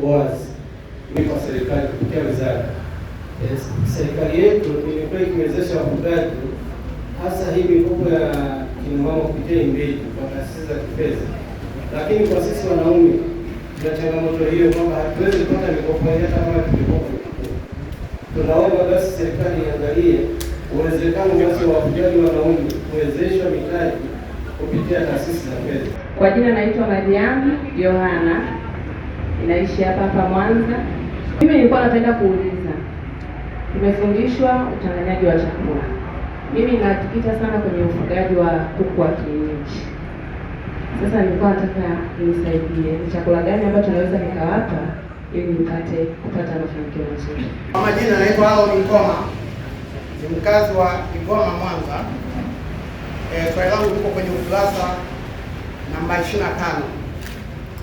BOAS kwa serikali kupitia wizara yes. Serikali yetu imekuwa ikiwezesha wafugaji hasa hii mikopo ya kinamama kupitia imbeji kwa taasisi za kifedha, lakini kwa sisi wanaume na changamoto hiyo kwamba hatuwezi kupata mikopo hata kama tulikopa. Tunaomba basi serikali iangalie uwezekano basi wa wafugaji wanaume kuwezeshwa mitaji kupitia taasisi za fedha. Kwa jina naitwa Mariamu Yohana inaishi hapa hapa Mwanza. Mimi nilikuwa napenda kuuliza, nimefundishwa uchanganyaji wa chakula. Mimi natikita sana kwenye ufugaji wa kuku wa kienyeji. Sasa nilikuwa nataka nisaidie, ni chakula gani ambacho naweza nikawapa ili nipate kupata mafanikio mazuri. Kwa majina naitwa Audi Ngoma, ni mkazi wa Kigoma Mwanza. Eh, swali langu liko kwenye ukurasa namba 25.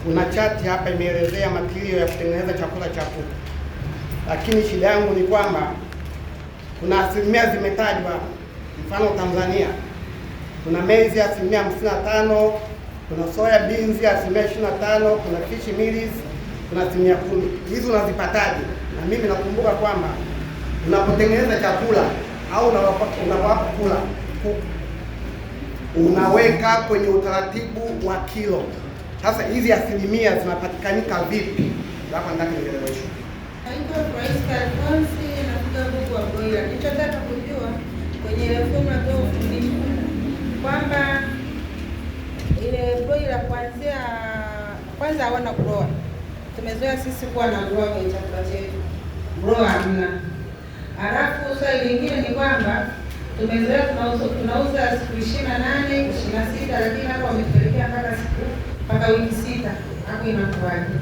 Kuna chati hapa imeelezea matirio ya kutengeneza chakula cha kuku, lakini shida yangu ni kwamba kuna asilimia zimetajwa, mfano Tanzania kuna maize asilimia 55 tano kuna soya beans asilimia ishirini tano kuna fish meals kuna asilimia kumi. Hizi unazipataje? Na mimi nakumbuka kwamba unapotengeneza chakula au unawapa kula kuku unaweka kwenye utaratibu wa kilo. Sasa hizi asilimia zinapatikanika vipi? Hapo ndani nilelewesha. Naitwa Priska Alfonsi, nafuga kuku wa kujua kwenye fomu ya kwamba ile broiler kuanzia kwanza hawana grower. Tumezoea sisi kuwa na grower kwenye chakula chetu. Grower hamna. Halafu swali lingine ni kwamba tumezoea tunauza siku 28, 26 lakini hapo wamefanya atakayohusika hakuimakuwaje?